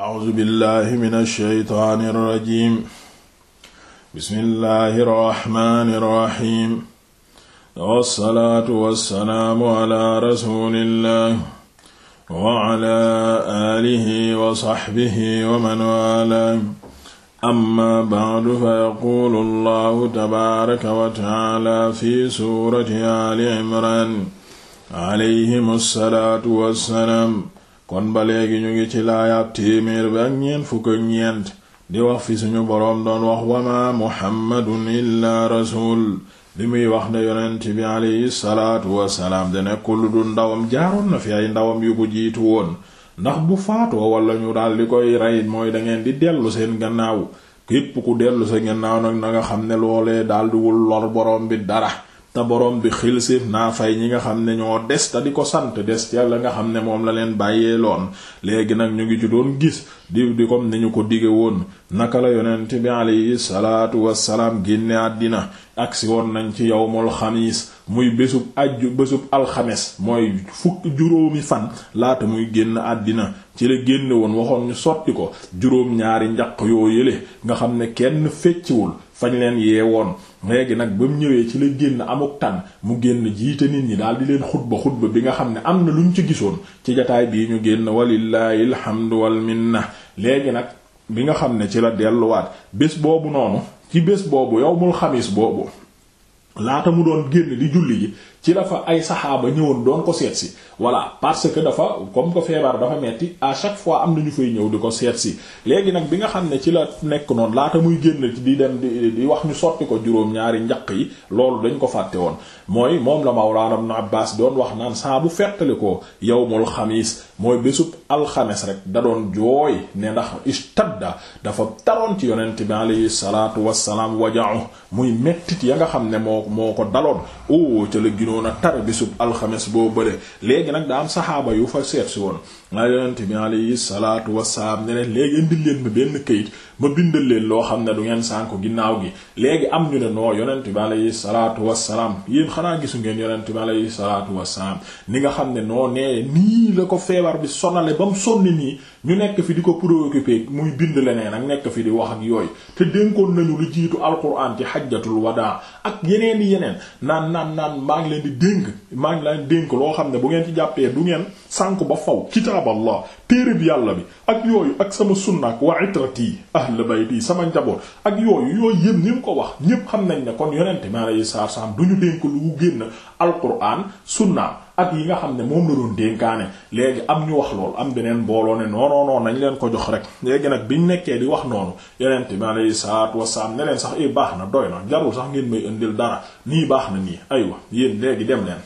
a'uuzu billahi mina shaytaani rajiim bismillahi rahmaani rahiim wassalaatu wassalaamu ala rasuulillah wa ala aalihi wa sahbihi wa man waalaa amma ba'du fa yaquulu allahu tabaaraka wa ta'aala fi suurati ali imraan alayhim assalaatu wassalaam kon ba léegi ñu ngi ci laayaab téeméer bi ak ñeent fukk ak ñeent di wax fi suñu boroom doon wax wama muhammadun illaa rasul li muy wax ne yonent bi alayhi salaatu wasalaam da nekkul lu dul ndawam jaaroon na fi ay ndawam yu ko jiitu woon ndax bu faatoo walla ñu daal di koy rey mooy da ngeen di dellu seen gannaaw képp ku dellu sa gannaaw nag na nga xam ne loolee daal di wul lor boroom bi dara te borom bi xilséef naa fay ñi nga xam ne ñoo des te di ko sant des ca la nga xam ne moom la leen bàyyee loon léegi nag ñu ngi ci doon gis di di comme ni ñu ko dige woon naka la yonent bi alayhi salaatu wassalaam génne àddina agsi woon nañ ci yawmul xamiis muy bésub ajju bésub alxames mooy fukk juróomi fan laata muy génn àddina ci la génne woon waxoon ñu sotti ko juróom ñaari njaq yoo yële nga xam ne kenn fecciwul fañ leen yee woon léegi nag ba mu ñëwee ci la génn amuk tànn mu génn jiite nit ñi daal di leen xutba xutba bi nga xam ne am na lu ñu ci gisoon ci jataay bii ñu génn walillahi alhamdu wal minna léegi nag bi nga xam ne ci la delluwaat bés boobu noonu ci bés boobu yawmul xamiis boobu laata mu doon génn di julli ji ci la fa ay saxaaba ñëwoon doon ko seet si voilà parce que dafa comme ko feebar dafa metti à chaque fois am na ñu fay ñëw di ko seet si léegi nag bi nga xam ne ci la nekk noonu laata muy génn di dem di di wax ñu sotti ko juróom-ñaari njaq yi loolu dañ ko fàtte woon mooy moom la Mawlaana Ibn Abbaas doon wax naan saa bu fettali ko yawmul xamiis mooy bésub alxames rek da doon jooy ne ndax istadda dafa taroon ci yonent bi alayhi salaatu wassalaam waja'u muy mettit ya nga xam ne moo ko daloon o ca la ginoon a tara bisub alxames boo bële léegi nag daa am saxaaba yu fa seet si woon nga yonent bi alayhi salaatu wasalaam ne leen léegi indil leen ma benn kayit ma bindal leen loo xam ne du ngeen sànko ginnaaw gi léegi am ñu ne noo yonent bi alayhi salaatu wasalaam yéen xanaa gisu ngeen yonent bi alayhi salaatu wasalaam ni nga xam ne noo nee nii la ko feebar bi sonale ba mu sonni nii ñu nekk fi di ko préoccupé muy bind leneen ak nekk fi di wax ak yooy te dénkoon nañu lu jiitu alquran ci xajjatul wadaa ak yeneen yeneen naan naan naan maa ngi leen di dénk maa ngi leen dénk loo xam ne bu ngeen ci jàppee du ngeen sànq ba faw kitaaballah téere bi yàlla bi ak yooyu ak sama sunnaak wa itrati ahl bayti sama njaboot ak yooyu yooyu yëpp ni mu ko wax ñépp xam nañ ne kon yonente mi alayhi salaatu salaam du ñu dénk lu génn alquran sunnaam ak yi nga xam ne moom la doon léegi am ñu wax lool am beneen mbooloo ne non non non leen ko jox rek léegi nag biñ nekkee di wax noonu yonent bi alayhi salaatu wasalaam ne leen sax i eh, baax na doy na jarul sax ngeen may indil dara nii baax na nii aywa yéen léegi dem leen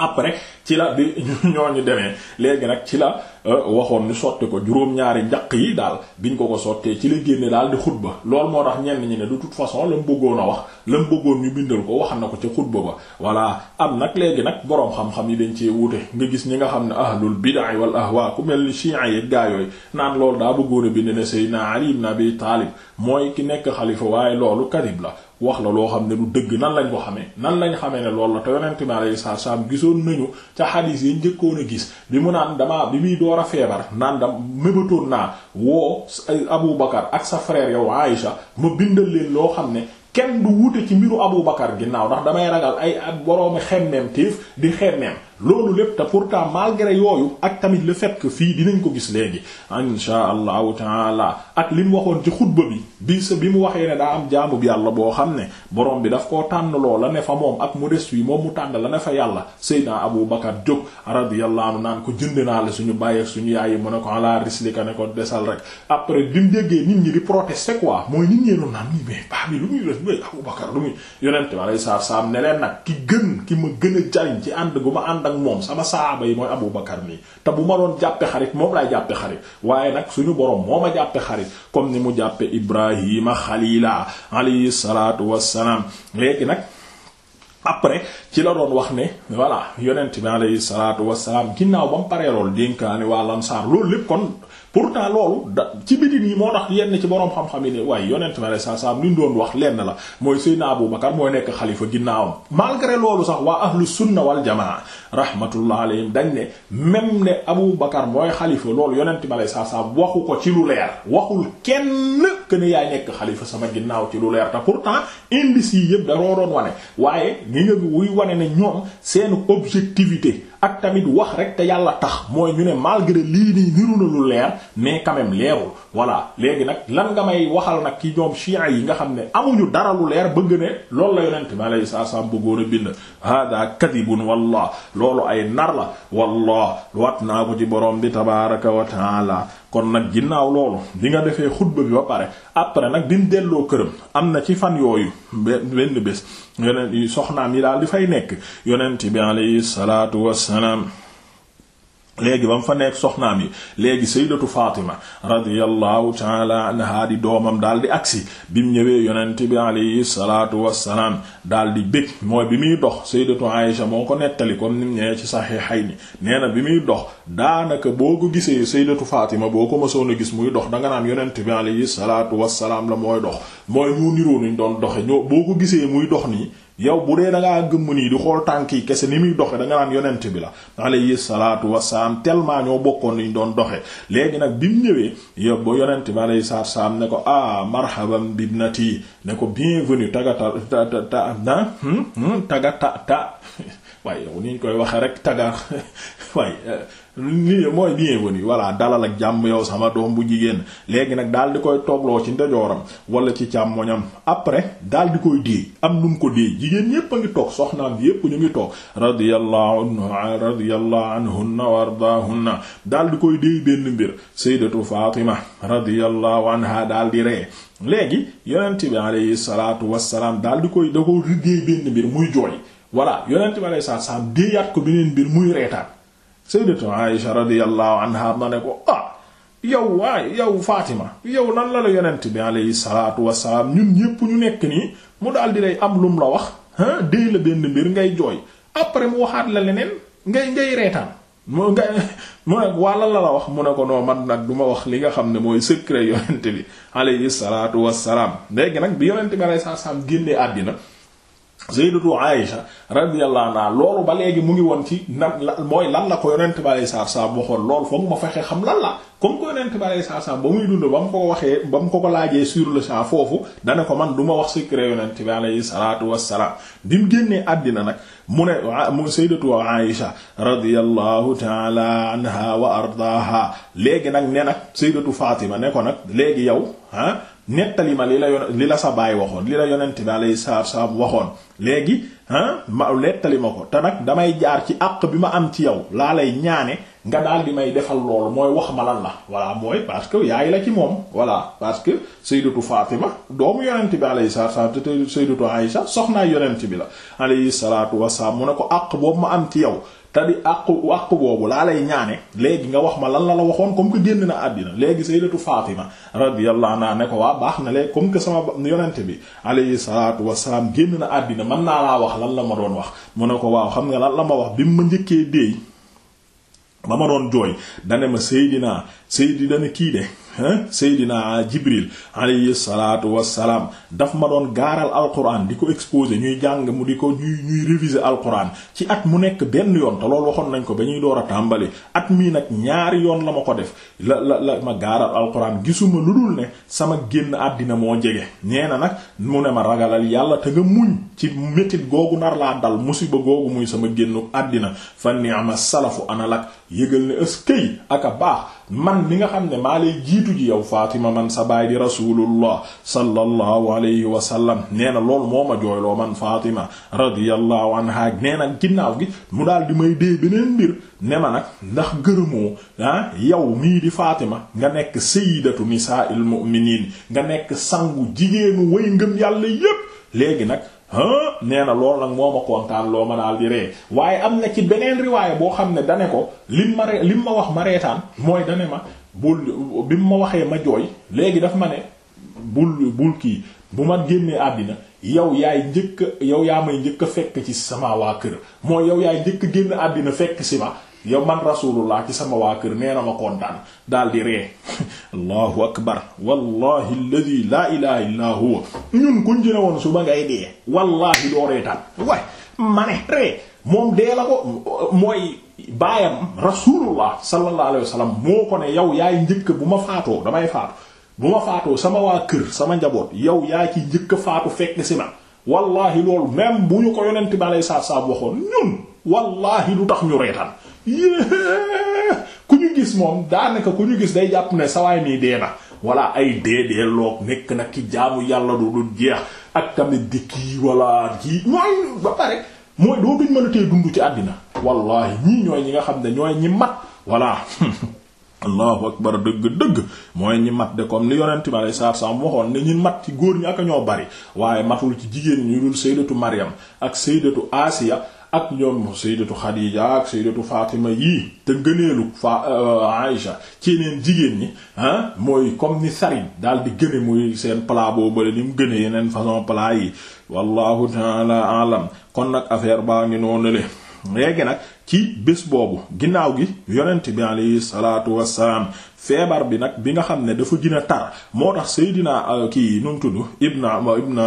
après ci la bi ñu demee léegi nag ci la euh, waxoon ni sotti ko juróom-ñaari njaq yi daal biñ ko ko sottee ci la génne daal di xutba loolu moo tax ñenn ñi ne de toute façon la mu a wax la bëggoon ñu bindal ko wax na ko ca xutba ba voilà am nag léegi nag boroom xam-xam yi dañ cee wuute nga gis ñi nga xam ne ahlul bid'a wal waa ku mel ni shi'a yi gaa naan loolu daa bëggoon a bind ne naa Ali ibn bi Talib mooy ki nekk xalifa waaye loolu kadib la wax la loo xam ne du dëgg nan lañ ko xamee nan lañ xamee ne loolu la te yonent mi alayhi salaatu salaam gisoon nañu ca xadiis yi njëkkoon a gis bi mu naan damaa bi muy door a feebar naan da mébatoon naa woo Abu Bakar ak sa frère yow Aïcha ma bindal leen loo xam ne kenn du wute ci mbiru Abu Bakar ginnaaw ndax damay ragal ay ak boroomi xemmeem téef di xemmeem loolu lépp pour pourtant malgré yooyu ak tamit la fekk que fii dinañ ko gis léegi insha allahu taala ak li mu waxoon ci xutba bi bi sa bi mu waxee ne daa am jaamu yàlla boo xam ne borom bi daf koo tànn loo la ne fa moom ak mu des wi moom mu tànn la ne fa yàlla Seydina Abu Bakar jóg radiyallahu anhu naan ko jënd naa la suñu bàyyeek suñu yaay yi mu ne ko ala rislika ne ko desal rek après bi mu déggee nit ñi di protester quoi mooy nit ñee doon naan mais ba jóge Abubakar lu muy yonent ma lay saaf nag ki gën ki ma gën a jariñ ci ànd gu ma ànd ak moom sama saaba yi mooy Abubakar nii te bu ma doon jàppe xarit moom laay jàppe xarit waaye nag suñu borom moo ma jàppe xarit comme ni mu jàppe Ibrahima xalila alayhi salaatu wassalaam léegi nag après ci la doon wax ne voilà yonent bi alayhi salaatu wassalaam ginnaaw ba mu paree loolu dénkaane waa loolu lépp kon pourtant loolu da ci bidin yi moo tax yenn ci boroom xam-xam yi ne waaye yonent bi alayhi salaatu wassalaam li doon wax lenn la mooy Seydina Abu Bakar mooy nekk xalifa ginnaawam malgré loolu sax waa ahlu sunna wal jamaa rahmatullah alayhim dañ ne même ne Abu Bakar mooy xalifa loolu yonent bi alayhi salaatu wassalaam waxu ko ci lu leer waxul kenn que ne yaay nekk xalifa sama ginnaaw ci lu leer te pourtant indice yi yëpp da nga nga wuy wane ne ñoom seen objectivité ak tamit wax rek te yàlla tax mooy ñu ne malgré lii nii niru na lu leer mais quand même leerul voilà léegi nag lan nga may waxal nag ki ñoom chiites yi nga xam ne amuñu dara lu leer bëgg ne loolu la yonent bi alayhi salaam bëggoon a bind hada kadibun wallah loolu ay nar la wallah wat naa ko ci borom bi tabaraka wa taala kon nag ginnaaw loolu bi nga defee xutba bi ba pare après nag bi mu delloo këram am na ci fan yooyu benn bés yonent yi daal di nekk yonent bi alayhi salaatu wasalaam salaam léegi ba mu fa nekk soxnaam yi léegi sayyidatu Fatima radiyallahu taala anha di doomam dal di agsi bi mu ñëwee yonent bi alayhi salaatu wassalaam daal di bég mooy bi muy dox sayyidatu Aïsha moo ko nettali comme ni mu ñëwee ci Sahihayni nee na bi muy dox daanaka boo ko gisee sayyidatu Fatima boo ko mësoon gis muy dox danga naan yonent bi alayhi salaatu wassalaam la mooy dox mooy mu niroo nuñ doon doxe ñoo boo ko gisee muy dox nii yow bu dee da ngaa gëmm nii di xool tànk yi kese ni muy doxe danga nga naan yonent bi la alayhi salaatu wasalaam tellement ñoo bokkoon liñ doon doxe léegi nag bi mu ñëwee yow boo yonent bi alayhi salaatu wasalaam ne ko ah marhaban bibnati ne ko bienvenue tagata ta ta ta tagata ta ah, hmm, hmm, waaye yow ni ñu koy waxee rek taga waaye eh, li mooy bienvenu voilà dalal ak jàmm yow sama doom bu jigéen léegi nag daal di koy toogloo ci ndejooram wala ci càmmoñam après daal di koy déey am nu ko déey jigéen ñépp a toog soxnaam bi ñu ngi toog radiyallahu anha radiyallahu anhunna wa ardaahunna daal di koy déey benn mbir sayyidatu Fatima radiyallahu anha daal di ree léegi yonent bi alayhi salaatu wassalaam koy da ko déey benn mbir muy jooy voilà yonent bi alayhi déeyaat ko beneen mbir muy reetaan sayyidatu Aisha radiyallahu anha ma ne ko ah yow waay yow Fatima yow nan la la yonent bi alayhi salaatu wassalaam ñun ñépp ñu nekk nii mu daal di lay am lum la wax ah déy la benn mbir ngay jooy après mu waxaat la leneen ngay ngay reetaan mu nga mu ne walla la la wax mu ne ko noo man nag du ma wax li nga xam ne mooy secret yonent bi alayhi salaatu wassalaam léegi nag bi yonent bi alayhi salaam génnee àddina sayyidatu Aïsha radiyallahu anha loolu ba léegi mu ngi woon ci nag la mooy lan la ko yonent ba lay saar saam waxoon loolu foog ma fexe xam lan la comme ko yonent ba lay saar saam ba muy dund ba mu ko waxee ba mu ko ko laajee sur le champ foofu dana ko man duma wax secret yonent bi alayhi salaatu wassalaam bi mu génnee àddina nag mu ne mu sayyidatu Aïsha radiyallahu ta'ala anha wa ardaaha léegi nag ne nag sayyidatu Fatima ne ko nag léegi yow ah, nettali ma li la yo li la sa baay waxoon li la yonent bi alayhi salaatu salaam waxoon léegi ah ma nettali ma ko te nag damay jaar ci àq bi ma am ci yow laa lay ñaane nga daal di may defal loolu mooy wax ma lan la voilà mooy parce que yaay la ci moom voilà parce que sayyidatu Fatima doomu yonent bi alayhi salaatu salaam te sayyidatu Aïsha soxnaa yonent bi la alayhi salaatu wassalaam mu ne ko àq boobu ma am ci yow te di àqu àqu boobu laa lay ñaane léegi nga wax ma lan la la waxoon comme que génn na àddina léegi sayyidatu Fatima radiyallahu anha ne ko waa baax na léegi comme que sama yonente bi alayhi salaatu wasalaam génn na àddina man naa laa wax lan la ma doon wax mu ne ko waaw xam nga lan la ma wax bi mu ma njëkkee deey ba ma doon jooy dane ma Seydina Seydi dana kii de seydinaa jibril alayhi salaatu wassalaam daf ma doon gaaral alquran di ko exposé ñuy jàng mu di ko ñuy ñuy réviser alquran ci at mu nekk benn yoon te loolu waxoon nañ ko ba ñuy door a tàmbali at mii nag ñaari yoon la ma ko def la la ma gaaral alquran gisuma lu dul ne sama génn àddina moo jege nee na nag mu ne ma ragalal yàlla te nga muñ ci métit googu nar laa dal musiba googu muy sama génnu àddina fa ni'ma salafu analak yëgal ne ëskay ak a man mi nga xam ne maa lay jiitu ji yow Fatima man sa baay di rasulullah sallallahu alayhi wa sallam nee na loolu moo ma jooyloo man Fatima radiyallahu anha nee na ginnaaw gi mu daal di may dee beneen mbir ne ma nag ndax gërëmoo ah yow mii di Fatima nga nekk sayyidatu nisaa'il mu'minin nga nekk sangu jigéenu way ngëm yàlla yépp léegi nag nee na lool nag moo ma kontaan loo ma daal di ree waaye am na ci beneen riwaaya boo xam ne dane ko lim ma re lim ma wax ma reetaan mooy dane ma bul bi ma waxee ma jooy léegi dafa ma ne bul bul kii bu ma génnee àddina yow yaay njëkk yow yaa may njëkk a fekk ci sama waa kër mooy yow yaay njëkk génn àddina fekk si ma yow man laa ci sama waa kër nee ma kontaan daal di ree allahu akbar wallahi alladi laa ilaha huwa ñun kuñ jëne woon suba ngay dee wallahi doo reetaan waay ma ne ree moom dee la ko mooy baayam rasulullah sallallahu alayhi wa moo ko ne yow yaay njëkk bu ma faatoo damay faatu bu ma faatoo sama waa kër sama njaboot yow yaa ci njëkk faatu fekk si ma wallahi loolu même bu ñu ko yonent bi alei saatu salaam waxoon ñun wallahi lu tax ñu reetaan yée ñuy gis moom daanaka ku ñu gis day jàpp ne sawaay mii dee na walla ay dee dee loog nekk nag ki jaamu yàlla du du jeex ak tamit di kii walla kii mooy ba pare ci àddina wallahi ñii ñooy ñi nga xam ne ñooy ñi mat walla allahu akbar dëgg-dëgg mooy ñi mat de comme ni yonent bi alei salatu salaam waxoon ne ñi mat ci góor ñi ak ñoo bari waaye matul ci jigéen ñu dul sayyidatu Maryam ak sayyidatu Asiya ak ñoom sayyidatu Xadiija ak sayyidatu Fatima yii te gëneelu fa euh, Aïsha ci yeneen jigéen ñi ah mooy comme ni sarin daal di gëne muy seen plat boo bale ni mu gëne yeneen façon plat yi wallahu taala alam kon nag affaire baa ngi noonu le léegi nag ci bés boobu ginnaaw gi yonent bi alayhi salaatu wassalaam feebar bi nag bi nga xam ne dafa gën tar moo tax Seydina euh, kii nu mu tudd Ibn Ibn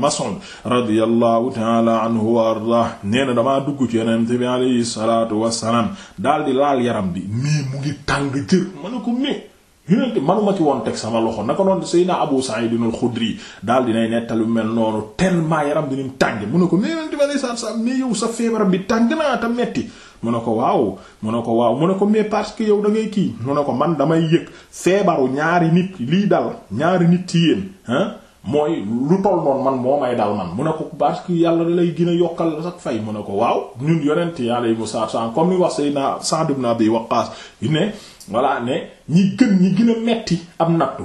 Mas'ud radiyallahu taala anhu wa ardah nee damaa dugg ci yonent bi alayhi salaatu wassalaam dal di laal yaram bi mii mu ngi tàng jër ma ne ko mais yonent manuma ci woon teg sama loxo naka noonu Seydina Abu Sa'id al-Khudri daal dinay nettali mel noonu tellement yaram bi ni mu tàng mu ne ko nee alayhi salaam mais yow sa feebar bi tàng naa te metti mu ne ko waaw mu ne ko waaw mu ne ko mais parce que yow da ngay kii mu ne ko man damay yëg feebaru ñaari nit lii dal ñaari nit ci yéen mooy lu toll noonu man moo may dal man mu ne ko parce que yàlla da lay gën a yokkal sax fay mu ne ko waaw ñun yonent yàlla yi mu saar san comme ni wax Seydina Sa'd ibn Abi Waqqas ne voilà ne ñi gën ñi gën a metti am nattu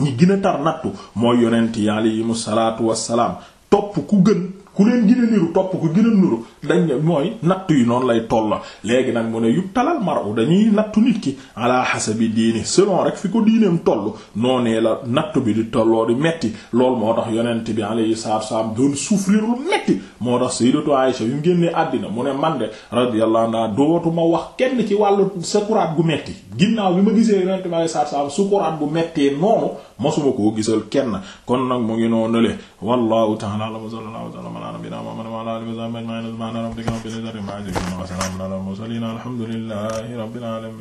ñi gën a tar nattu mooy yonent yàlla yi mu salaatu wassalaam topp ku gën ku leen gën topp ko gën a niru dañ mooy natt yi noonu lay toll la léegi nag mu ne yub talal maru dañuy nattu nit ki ala bi diini selon rek fi ko diineem toll noonee la nattu bi di tolloo di metti loolu moo tax yonent bi alayhi salaatu wassalaam doon souffrir lu metti moo tax sayyidatu Aisha yu génnee àddina mu ne man de radiyallahu anha dootuma wax kenn ci wàllu sukuraat gu metti ginnaaw bi ma gisee yonent bi alayhi salaatu wassalaam sukuraat bu mettee noonu mosuma koo gisal kenn kon nag mu ngi noonu le wallahu ta'ala wa sallallahu ta'ala ala nabina muhammad wa ala alihi wa sahbihi ajma'in subhana rabbika rabbil izzati amma yasifun wa salamun ala al mursalin alhamdulillahi rabbil alamin